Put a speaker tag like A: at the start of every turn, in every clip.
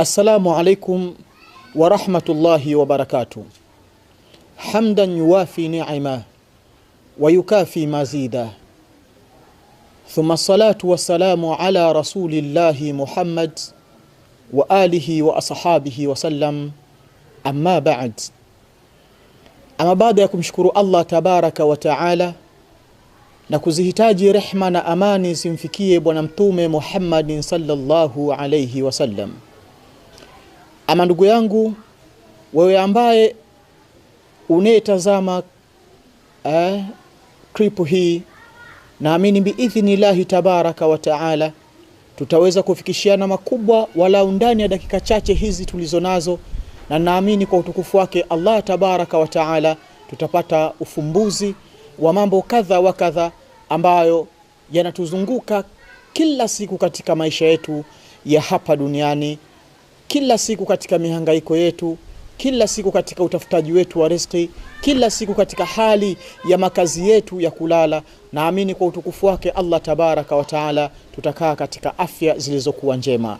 A: السلام عليكم ورحمة الله وبركاته حمدا يوافي نعمه ويكافي مزيدا ثم الصلاة والسلام على رسول الله محمد وآله وأصحابه وسلم أما بعد أما بعد يكم شكر الله تبارك وتعالى نكزهتاجي رحمة أماني سنفكيب بنمتوم محمد صلى الله عليه وسلم Ama ndugu yangu wewe ambaye unayetazama eh, clip hii, naamini biidhnillahi tabaraka wa taala tutaweza kufikishiana makubwa walau ndani ya dakika chache hizi tulizonazo, na naamini kwa utukufu wake Allah tabaraka wa taala tutapata ufumbuzi wa mambo kadha wa kadha ambayo yanatuzunguka kila siku katika maisha yetu ya hapa duniani kila siku katika mihangaiko yetu, kila siku katika utafutaji wetu wa riski kila siku katika hali ya makazi yetu ya kulala. Naamini kwa utukufu wake Allah tabaraka wa taala tutakaa katika afya zilizokuwa njema.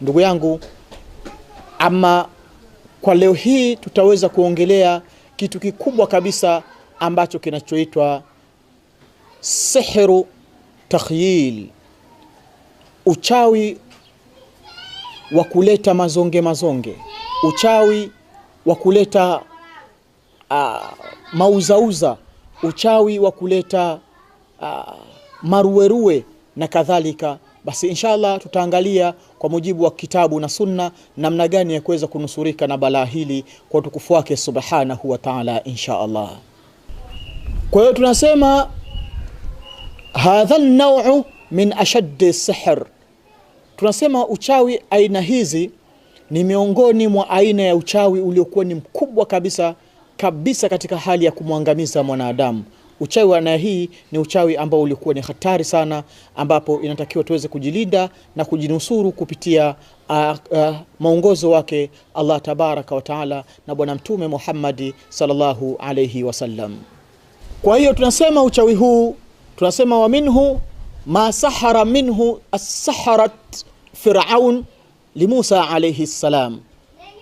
A: Ndugu yangu, ama kwa leo hii tutaweza kuongelea kitu kikubwa kabisa ambacho kinachoitwa sihru takhyil, uchawi wa kuleta mazonge mazonge, uchawi wa kuleta uh, mauzauza, uchawi wa kuleta uh, maruerue na kadhalika. Basi inshallah tutaangalia kwa mujibu wa kitabu na sunna namna gani ya kuweza kunusurika na balaa hili kwa utukufu wake subhanahu wa ta'ala, insha Allah. Kwa hiyo tunasema hadha an-naw'u min ashaddi sihr Tunasema uchawi aina hizi ni miongoni mwa aina ya uchawi uliokuwa ni mkubwa kabisa kabisa katika hali ya kumwangamiza mwanadamu. Uchawi wa aina hii ni uchawi ambao ulikuwa ni hatari sana, ambapo inatakiwa tuweze kujilinda na kujinusuru kupitia uh, uh, maongozo wake Allah tabaraka wa taala na Bwana Mtume Muhammadi sallallahu alayhi wasallam. Kwa hiyo tunasema uchawi huu tunasema waminhu ma sahara minhu assaharat Firaun limusa alayhi salam.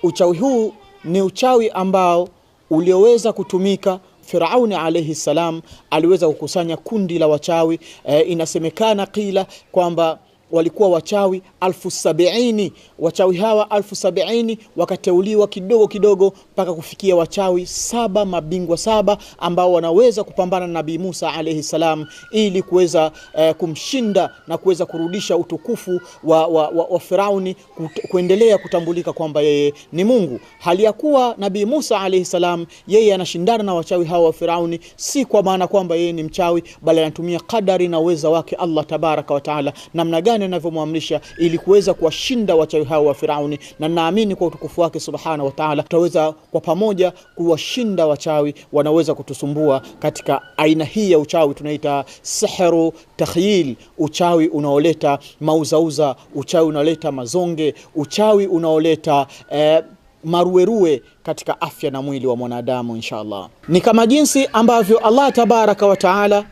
A: Uchawi huu ni uchawi ambao ulioweza kutumika Firauni alayhi salam aliweza kukusanya kundi la wachawi e, inasemekana kila kwamba walikuwa wachawi alfu sabiini. Wachawi hawa alfu sabiini wakateuliwa kidogo kidogo mpaka kufikia wachawi saba, mabingwa saba ambao wanaweza kupambana na Nabii Musa alaihi salam ili kuweza eh, kumshinda na kuweza kurudisha utukufu wa, wa, wa, wa Firauni kut, kuendelea kutambulika kwamba yeye ni Mungu, hali ya kuwa Nabii Musa alaihi salam yeye anashindana na wachawi hawa wa Firauni, si kwa maana kwamba yeye ni mchawi, bali anatumia kadari na uweza wake Allah tabaraka wa taala namna gani maneno yanavyomwamrisha ili kuweza kuwashinda wachawi hao wa Firauni, na naamini kwa utukufu wake subhanahu wa taala tutaweza kwa pamoja kuwashinda wachawi wanaweza kutusumbua katika aina hii ya uchawi tunaita sihru takhyil, uchawi unaoleta mauzauza, uchawi unaoleta mazonge, uchawi unaoleta eh, maruerue katika afya na mwili wa mwanadamu. Insha Allah, ni kama jinsi ambavyo Allah tabaraka wa taala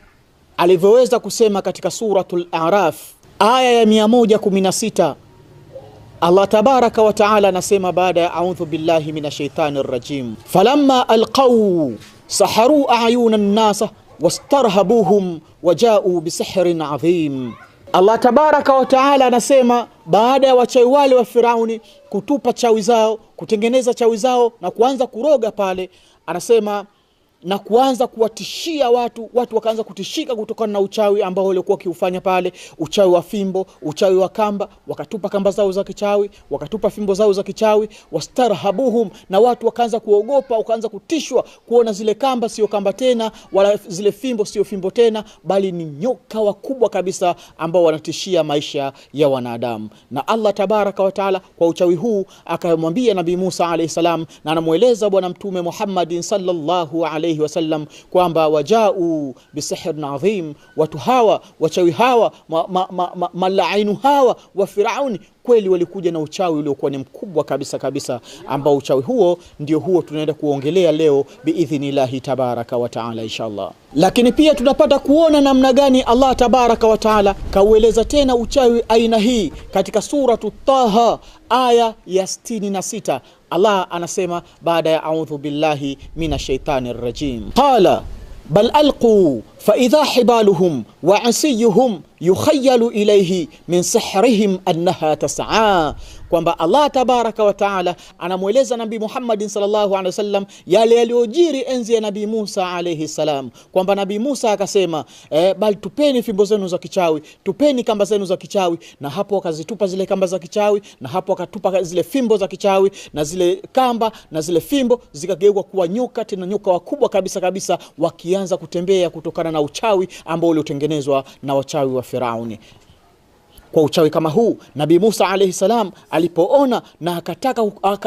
A: alivyoweza kusema katika Suratul Araf aya ya 116 Allah tabaraka wa taala anasema baada ya audhu billahi min ashaitani rajim, falamma alqau saharu ayuna nnasa wastarhabuhum wajau bisihrin adhim. Allah tabaraka wa taala anasema baada ya wachawi wale wa Firauni kutupa chawi zao, kutengeneza chawi zao na kuanza kuroga pale, anasema na kuanza kuwatishia watu, watu wakaanza kutishika kutokana na uchawi ambao waliokuwa wakiufanya pale, uchawi wa fimbo, uchawi wa kamba. Wakatupa kamba zao za kichawi, wakatupa fimbo zao za kichawi, wastarhabuhum, na watu wakaanza kuogopa, wakaanza kutishwa kuona zile kamba sio kamba tena, wala zile fimbo sio fimbo tena, bali ni nyoka wakubwa kabisa ambao wanatishia maisha ya wanadamu. Na Allah tabaraka wa taala kwa uchawi huu akamwambia Nabii Musa alayhi salam, na anamweleza Bwana Mtume Muhammadin sallallahu alayhi alayhi wasallam kwamba wajau bisihir nadhim watu hawa wachawi hawa malainu ma, ma, ma, hawa wa Firauni kweli walikuja na uchawi uliokuwa ni mkubwa kabisa kabisa, ambao uchawi huo ndio huo tunaenda kuongelea leo biidhnillahi tabaraka wa taala inshallah. Lakini pia tunapata kuona namna gani Allah tabaraka wa taala kaueleza tena uchawi aina hii katika suratu Taha aya ya sita. Allah anasema baada ya audhu billahi minash shaitani rajim qala bal alqu faidha hibaluhum wa asiyuhum yukhayalu ilaihi min sihrihim annaha tasaa, kwamba Allah tabaraka wa taala anamweleza nabi Muhammadin sallallahu alaihi wasallam yale yaliyojiri enzi ya nabi Musa alaihi salam, kwamba nabi Musa akasema e, bali tupeni fimbo zenu za kichawi, tupeni kamba zenu za kichawi. Na hapo wakazitupa zile kamba za kichawi, na hapo wakatupa zile fimbo za kichawi, na zile kamba na zile fimbo zikageuka kuwa nyoka, tena nyoka wakubwa kabisa kabisa, wakianza kutembea kutokana na na uchawi ambao uliotengenezwa na wachawi wa Firauni kwa uchawi kama huu. nabi Musa alayhi salam alipoona na akataka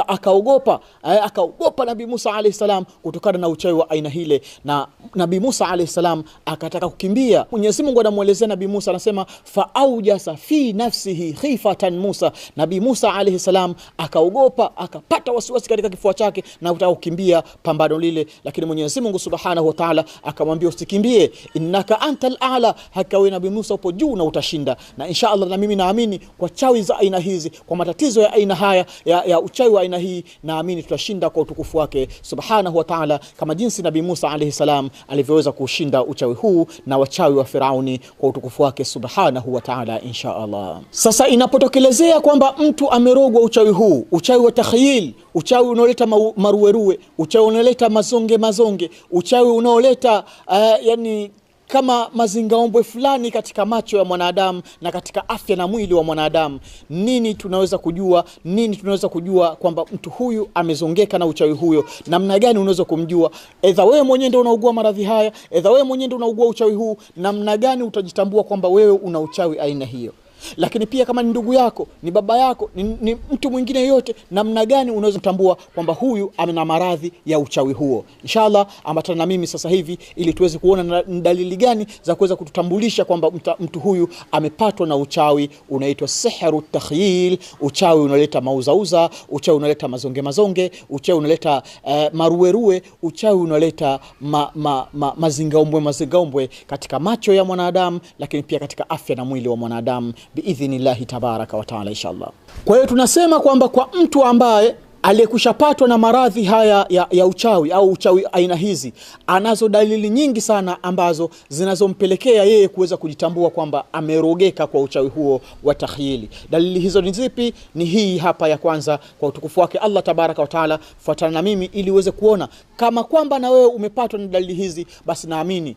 A: akaogopa, aka akaogopa eh, nabi Musa alayhi salam kutokana na uchawi wa aina hile, na nabi Musa alayhi salam akataka kukimbia. Mwenyezi Mungu anamuelezea nabi Musa, anasema faaujasa fi nafsihi khifatan Musa. nabi Musa alayhi salam akaogopa, akapata wasiwasi katika kifua chake na kutaka kukimbia pambano lile, lakini Mwenyezi Mungu subhanahu wa ta'ala akamwambia usikimbie, innaka antal a'la, hakika nabi Musa upo juu na utashinda, na insha na mimi naamini kwa chawi za aina hizi, kwa matatizo ya aina haya ya, ya uchawi wa aina hii, naamini tutashinda kwa utukufu wake subhanahu wa ta'ala, kama jinsi Nabii Musa alayhi salam alivyoweza kushinda uchawi huu na wachawi wa Firauni kwa utukufu wake subhanahu wa ta'ala, insha Allah. Sasa inapotokelezea kwamba mtu amerogwa uchawi huu, uchawi wa takhyil, uchawi unaoleta maruweruwe, uchawi unaoleta mazonge mazonge, uchawi unaoleta uh, yani kama mazingaombwe fulani katika macho ya mwanadamu na katika afya na mwili wa mwanadamu. Nini tunaweza kujua? Nini tunaweza kujua kwamba mtu huyu amezongeka na uchawi huyo? Namna gani unaweza kumjua? Edha wewe mwenyewe ndio unaugua maradhi haya, edha wewe mwenyewe ndio unaugua uchawi huu, namna gani utajitambua kwamba wewe una uchawi aina hiyo? lakini pia kama ni ndugu yako, ni baba yako, ni, ni mtu mwingine yote, namna gani unaweza kutambua kwamba huyu ana maradhi ya uchawi huo? Inshallah ambatana na mimi sasa hivi ili tuweze kuona ni dalili gani za kuweza kututambulisha kwamba mtu huyu amepatwa na uchawi unaitwa sihru takhyil, uchawi unaleta mauzauza, uchawi unaleta mazonge mazonge, uchawi unaleta uh, maruerue, uchawi unaleta ma, ma, ma, mazingaombwe mazingaombwe katika macho ya mwanadamu, lakini pia katika afya na mwili wa mwanadamu biidhnillahi tabaraka wataala inshallah. Kwa hiyo tunasema kwamba kwa mtu ambaye aliyekushapatwa na maradhi haya ya, ya uchawi au uchawi aina hizi, anazo dalili nyingi sana ambazo zinazompelekea yeye kuweza kujitambua kwamba amerogeka kwa uchawi huo wa tahyili Dalili hizo ni zipi? Ni hii hapa ya kwanza. Kwa utukufu wake Allah tabaraka wataala, fuatana na mimi ili uweze kuona kama kwamba na wewe umepatwa na dalili hizi, basi naamini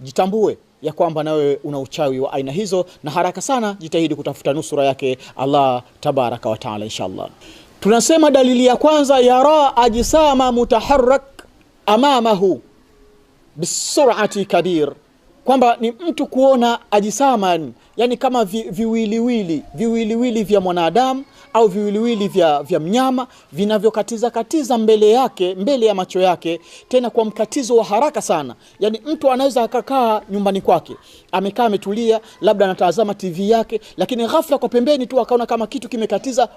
A: jitambue ya kwamba nawe una uchawi wa aina hizo, na haraka sana jitahidi kutafuta nusura yake Allah tabaraka wa taala. Inshallah, tunasema dalili ya kwanza, yara ajisama mutaharrak amamahu bisurati kabir kwamba ni mtu kuona ajisaman, yani kama vi, viwiliwili viwiliwili vya mwanadamu au viwiliwili vya, vya mnyama vinavyokatiza katiza mbele yake mbele ya macho yake, tena kwa mkatizo wa haraka sana. Yani mtu anaweza akakaa nyumbani kwake amekaa ametulia, labda anatazama TV yake, lakini ghafla kwa pembeni tu akaona kama kitu kimekatiza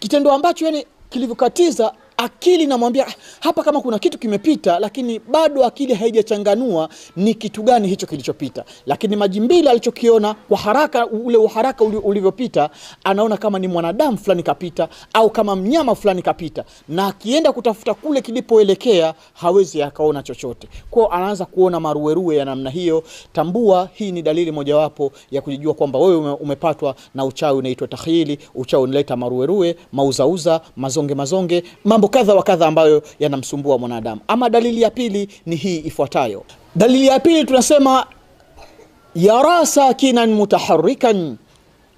A: kitendo ambacho yani kilivyokatiza akili namwambia ah, hapa, kama kuna kitu kimepita, lakini bado akili haijachanganua ni kitu gani hicho kilichopita. Lakini majimbili alichokiona kwa haraka, ule uharaka ulivyopita, anaona kama ni mwanadamu fulani kapita au kama mnyama fulani kapita, na akienda kutafuta kule kilipoelekea hawezi akaona chochote kwao, anaanza kuona maruerue ya namna hiyo. Tambua hii ni dalili mojawapo ya kujijua kwamba wewe umepatwa na uchawi unaitwa tahili. Uchawi unaleta maruerue, mauzauza, mazonge mazonge, mambo mambo kadha wa kadha ambayo yanamsumbua mwanadamu. Ama dalili ya pili ni hii ifuatayo. Dalili ya pili tunasema yara sakinan mutaharrikan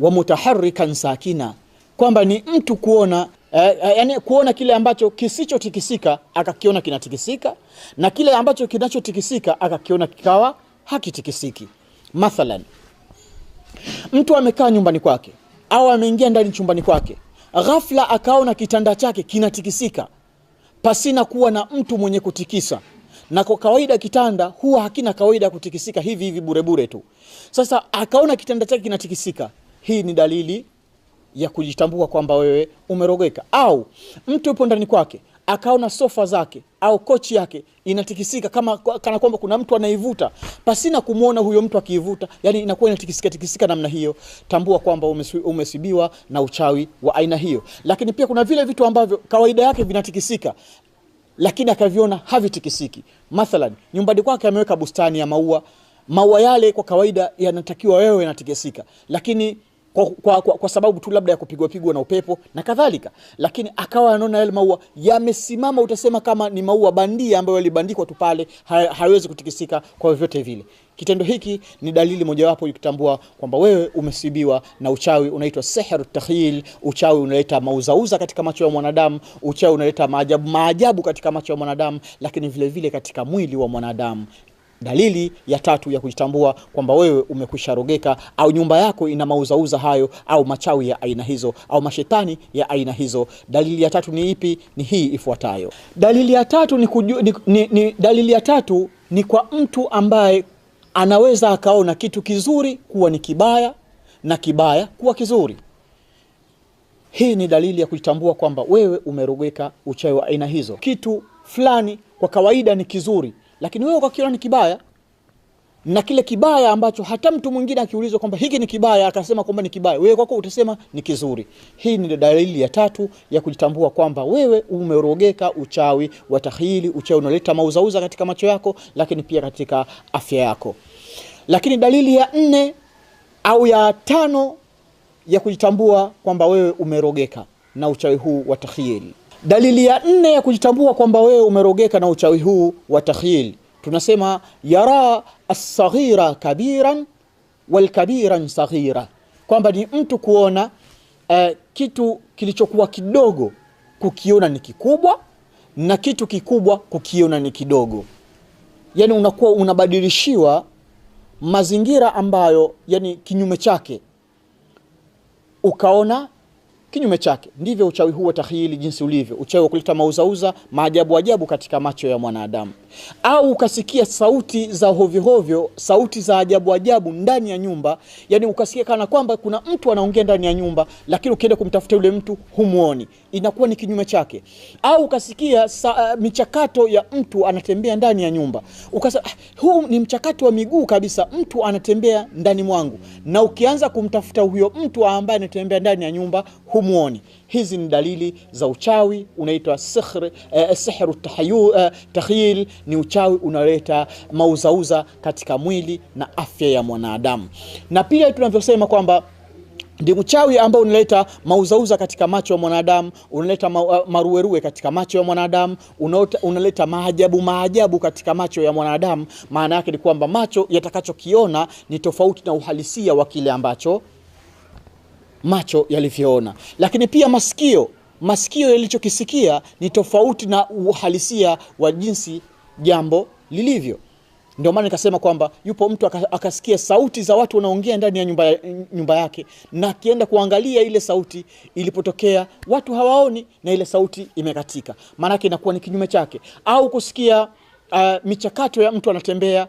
A: wa mutaharrikan sakina, kwamba ni mtu kuona eh, eh, yani kuona kile ambacho kisichotikisika akakiona kinatikisika na kile ambacho kinachotikisika akakiona kikawa hakitikisiki. Mathalan, mtu amekaa nyumbani kwake au ameingia ndani chumbani kwake ghafla akaona kitanda chake kinatikisika pasina kuwa na mtu mwenye kutikisa na kwa kawaida kitanda huwa hakina kawaida ya kutikisika hivi hivi burebure tu. Sasa akaona kitanda chake kinatikisika. Hii ni dalili ya kujitambua kwamba wewe umerogeka, au mtu yupo ndani kwake akaona sofa zake au kochi yake inatikisika kama kana kwamba kuna mtu anaivuta pasina kumwona huyo mtu akiivuta, yani inakuwa inatikisika tikisika namna hiyo, tambua kwamba umesibiwa na uchawi wa aina hiyo. Lakini pia kuna vile vitu ambavyo kawaida yake vinatikisika lakini akaviona havitikisiki. Mathalan, nyumbani kwake ameweka bustani ya maua. Maua yale kwa kawaida yanatakiwa wewe yanatikisika, lakini kwa, kwa, kwa, kwa sababu tu labda ya pigwa na upepo na kadhalika, lakini akawa anaona yale maua yamesimama, utasema kama ni maua bandia ambayo yalibandikwa tu pale, hayawezi kutikisika kwa vyovyote vile. Kitendo hiki ni dalili mojawapo ikitambua kwamba wewe umesibiwa na uchawi unaitwa sehru takhil. Uchawi unaleta mauzauza katika macho ya mwanadamu, uchawi unaleta maajabu maajabu katika macho ya mwanadamu, lakini vilevile vile katika mwili wa mwanadamu. Dalili ya tatu ya kujitambua kwamba wewe umekwisha rogeka au nyumba yako ina mauzauza hayo au machawi ya aina hizo au mashetani ya aina hizo, dalili ya tatu ni ipi? Ni hii ifuatayo. Dalili ya tatu ni, kuju, ni, ni, ni, dalili ya tatu ni kwa mtu ambaye anaweza akaona kitu kizuri kuwa ni kibaya na kibaya kuwa kizuri. Hii ni dalili ya kujitambua kwamba wewe umerogeka uchawi wa aina hizo. Kitu fulani kwa kawaida ni kizuri lakini wewe ukakiona ni kibaya na kile kibaya ambacho hata mtu mwingine akiulizwa kwamba hiki ni kibaya akasema kwamba ni kibaya, wewe kwako utasema ni kizuri. Hii ni dalili ya tatu ya kujitambua kwamba wewe umerogeka uchawi wa tahili. Uchawi unaleta mauzauza katika macho yako, lakini pia katika afya yako. Lakini dalili ya nne au ya tano ya kujitambua kwamba wewe umerogeka na uchawi huu wa tahili Dalili ya nne ya kujitambua kwamba wewe umerogeka na uchawi huu wa takhyil, tunasema yara as kabiran walkabiran saghira, kwamba ni mtu kuona uh, kitu kilichokuwa kidogo kukiona ni kikubwa na kitu kikubwa kukiona ni kidogo. Yani unakuwa unabadilishiwa mazingira ambayo yani kinyume chake, ukaona Kinyume chake ndivyo uchawi huu wa takhayili jinsi ulivyo, uchawi wa kuleta mauzauza, maajabu ajabu katika macho ya mwanadamu, au ukasikia sauti za hovyohovyo, sauti za ajabu ajabu ndani ya nyumba, yani ukasikia kana kwamba kuna mtu anaongea ndani ya nyumba, lakini ukienda kumtafuta yule mtu humuoni, inakuwa ni kinyume chake. Au ukasikia sa, uh, michakato ya mtu anatembea ndani ya nyumba, ukasa uh, huu ni mchakato wa miguu kabisa, mtu anatembea ndani mwangu, na ukianza kumtafuta huyo mtu ambaye anatembea ndani ya nyumba hu humuoni. Hizi ni dalili za uchawi unaitwa eh, sihr. Eh, sihru eh, ni uchawi unaleta mauzauza katika mwili na afya ya mwanadamu, na pia tunavyosema kwamba ndi mchawi ambao unaleta mauzauza katika macho ya mwanadamu, unaleta ma eh, maruerue katika macho ya mwanadamu, unaleta maajabu maajabu katika macho ya mwanadamu. Maana yake ni kwamba macho yatakachokiona ni tofauti na uhalisia wa kile ambacho macho yalivyoona, lakini pia masikio masikio yalichokisikia ni tofauti na uhalisia wa jinsi jambo lilivyo. Ndio maana nikasema kwamba yupo mtu akasikia sauti za watu wanaongea ndani ya nyumba, nyumba yake na akienda kuangalia ile sauti ilipotokea, watu hawaoni na ile sauti imekatika, maanake inakuwa ni kinyume chake. Au kusikia uh, michakato ya mtu anatembea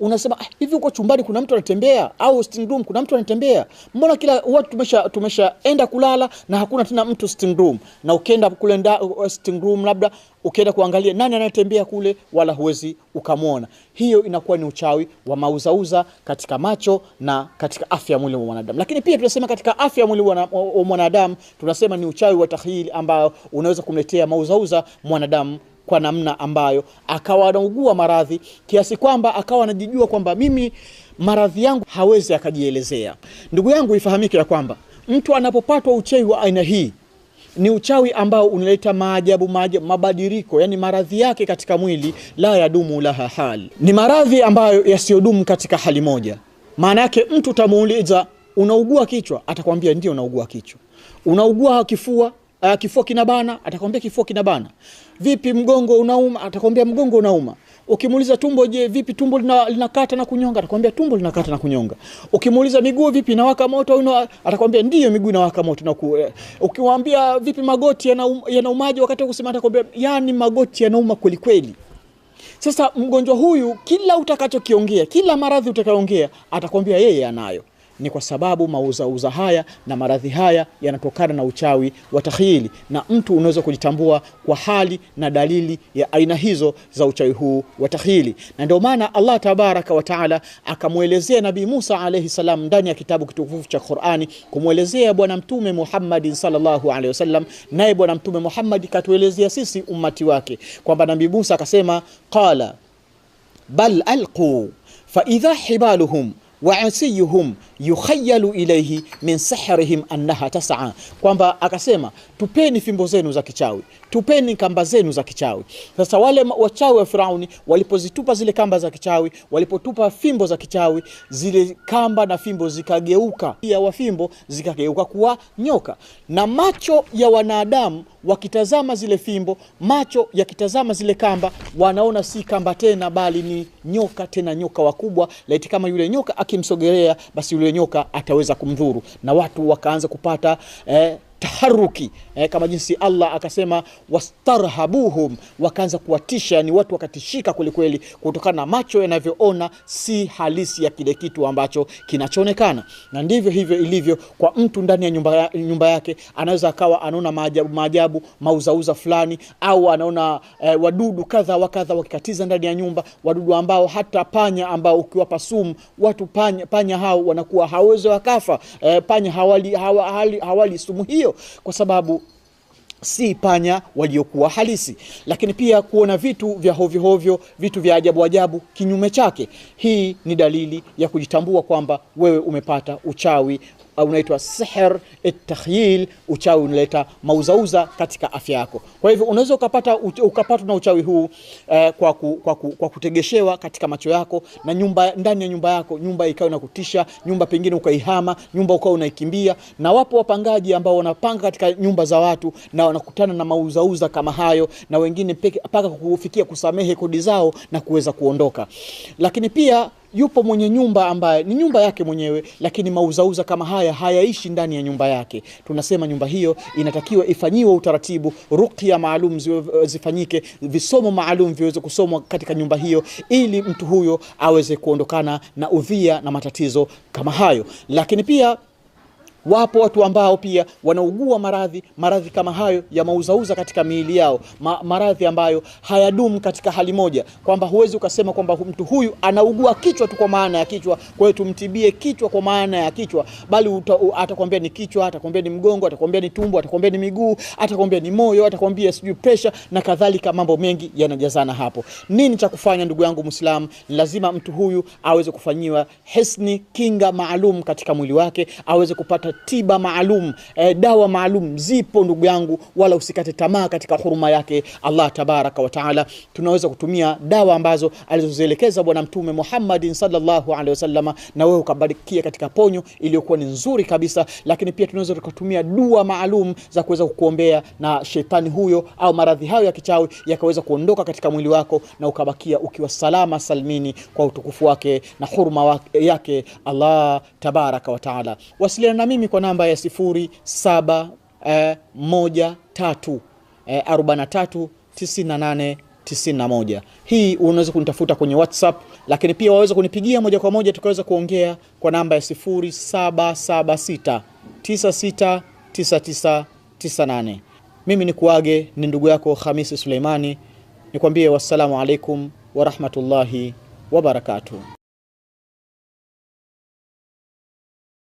A: unasema eh, hivi, uko chumbani kuna mtu anatembea, au sitting room kuna mtu anatembea? Mbona kila watu tumesha tumeshaenda kulala na hakuna tena mtu sitting room, na ukienda kule nda, uh, uh, sitting room labda ukienda kuangalia nani anatembea kule, wala huwezi ukamwona. Hiyo inakuwa ni uchawi wa mauzauza katika macho na katika afya ya mwili wa mwanadamu. Lakini pia tunasema katika afya ya mwili wa mwanadamu tunasema ni uchawi wa tahili, ambayo unaweza kumletea mauzauza mwanadamu kwa namna ambayo akawa anaugua maradhi kiasi kwamba akawa anajijua kwamba mimi maradhi yangu hawezi akajielezea. Ndugu yangu, ifahamike ya kwamba mtu anapopatwa uchawi wa aina hii ni uchawi ambao unaleta maajabu, maajabu mabadiliko, yani maradhi yake katika mwili la yadumu laha hali, ni maradhi ambayo yasiyodumu katika hali moja. Maana yake mtu utamuuliza unaugua kichwa, atakwambia ndio, unaugua kichwa. Unaugua kifua, eh, kifua kinabana, atakwambia kifua kinabana vipi mgongo unauma, atakwambia mgongo unauma. Ukimuuliza tumbo, je, vipi tumbo lina, linakata na kunyonga? Atakwambia tumbo linakata na kunyonga. Ukimuuliza miguu vipi inawaka moto au atakwambia ndio miguu inawaka moto na Ukimwambia vipi magoti yanaumaji yana um-, wakati wa atakwambia yani magoti yanauma kweli kweli. Sasa mgonjwa huyu kila utakachokiongea, kila maradhi utakayoongea, atakwambia yeye anayo ni kwa sababu mauzauza haya na maradhi haya yanatokana na uchawi wa takhili, na mtu unaweza kujitambua kwa hali na dalili ya aina hizo za uchawi huu wa takhili. Na ndio maana Allah tabaraka wa taala akamwelezea Nabii Musa alayhi salam ndani ya kitabu kitukufu cha Qur'ani, kumwelezea Bwana Mtume Muhammad sallallahu alayhi wasallam, naye Bwana Mtume Muhammad katuelezea sisi ummati wake kwamba Nabii Musa akasema qala bal alqu fa idha hibaluhum wa asiyuhum yukhayalu ilaihi min sihrihim annaha tasaa, kwamba akasema tupeni fimbo zenu za kichawi, tupeni kamba zenu za kichawi. Sasa wale wachawi wa Firauni walipozitupa zile kamba za kichawi, walipotupa fimbo za kichawi, zile kamba na fimbo zikageuka, ya wafimbo zikageuka kuwa nyoka, na macho ya wanadamu wakitazama zile fimbo, macho yakitazama zile kamba, wanaona si kamba tena, bali ni nyoka, tena nyoka wakubwa. Laiti kama yule nyoka akimsogelea, basi yule yule nyoka ataweza kumdhuru, na watu wakaanza kupata eh, taharuki eh, kama jinsi Allah akasema wastarhabuhum, wakaanza kuwatisha, yani watu wakatishika kwelikweli, kutokana na macho yanavyoona si halisi ya kile kitu ambacho kinachoonekana. Na ndivyo hivyo ilivyo kwa mtu ndani ya nyumba, nyumba yake, anaweza akawa anaona maajabu maajabu mauzauza fulani, au anaona eh, wadudu kadha wakadha wakikatiza ndani ya nyumba, wadudu ambao hata panya ambao ukiwapa sumu watu panya, panya hao wanakuwa hawezi wakafa. Eh, panya hawali, hawali, hawali, hawali sumu hiyo hiyo, kwa sababu si panya waliokuwa halisi, lakini pia kuona vitu vya hovyohovyo, vitu vya ajabu ajabu kinyume chake. Hii ni dalili ya kujitambua kwamba wewe umepata uchawi unaitwa sihr takhyil, uchawi unaleta mauzauza katika afya yako. Kwa hivyo unaweza ukapata ukapatwa na uchawi huu eh, kwa, ku, kwa, ku, kwa kutegeshewa katika macho yako na nyumba, ndani ya nyumba yako, nyumba ikawa inakutisha, nyumba pengine ukaihama, nyumba ukawa unaikimbia. Na wapo wapangaji ambao wanapanga katika nyumba za watu na wanakutana na mauzauza kama hayo, na wengine mpaka kufikia kusamehe kodi zao na kuweza kuondoka, lakini pia yupo mwenye nyumba ambaye ni nyumba yake mwenyewe, lakini mauzauza kama haya hayaishi ndani ya nyumba yake. Tunasema nyumba hiyo inatakiwa ifanyiwe utaratibu, ruqya maalum eh, zifanyike, visomo maalum viweze kusomwa katika nyumba hiyo, ili mtu huyo aweze kuondokana na udhia na matatizo kama hayo, lakini pia Wapo watu ambao pia wanaugua maradhi maradhi kama hayo ya mauzauza katika miili yao ma, maradhi ambayo hayadumu katika hali moja, kwamba huwezi ukasema kwamba mtu huyu anaugua kichwa tu kwa maana ya kichwa, kwa hiyo tumtibie kichwa kwa maana ya kichwa, bali atakwambia ni kichwa, atakwambia ni mgongo, atakwambia ni tumbo, atakwambia ni miguu, atakwambia ni moyo, atakwambia sijui pressure na kadhalika. Mambo mengi yanajazana hapo. Nini cha kufanya, ndugu yangu Muislamu? Lazima mtu huyu aweze kufanyiwa hisni, kinga maalum katika mwili wake, aweze kupata kupata eh, tiba maalum e, dawa maalum zipo ndugu yangu, wala usikate tamaa katika huruma yake Allah tabaraka wa taala. Tunaweza kutumia dawa ambazo alizozielekeza Bwana Mtume Muhammadin sallallahu alaihi wasallam, na wewe ukabarikia katika ponyo iliyokuwa ni nzuri kabisa. Lakini pia tunaweza tukatumia dua maalum za kuweza kukuombea na shetani huyo au maradhi hayo ya kichawi yakaweza kuondoka katika mwili wako na ukabakia ukiwa salama salmini kwa utukufu wake na huruma yake Allah tabaraka wa taala. Wasiliana nami mimi kwa namba ya 07 eh, eh, Hii unaweza kunitafuta kwenye WhatsApp, lakini pia waweza kunipigia moja kwa moja tukaweza kuongea kwa namba ya 0776 969998. Mimi ni kuage ni ndugu yako Hamisi Suleimani, nikwambie wassalamu alaikum warahmatullahi wabarakatuh.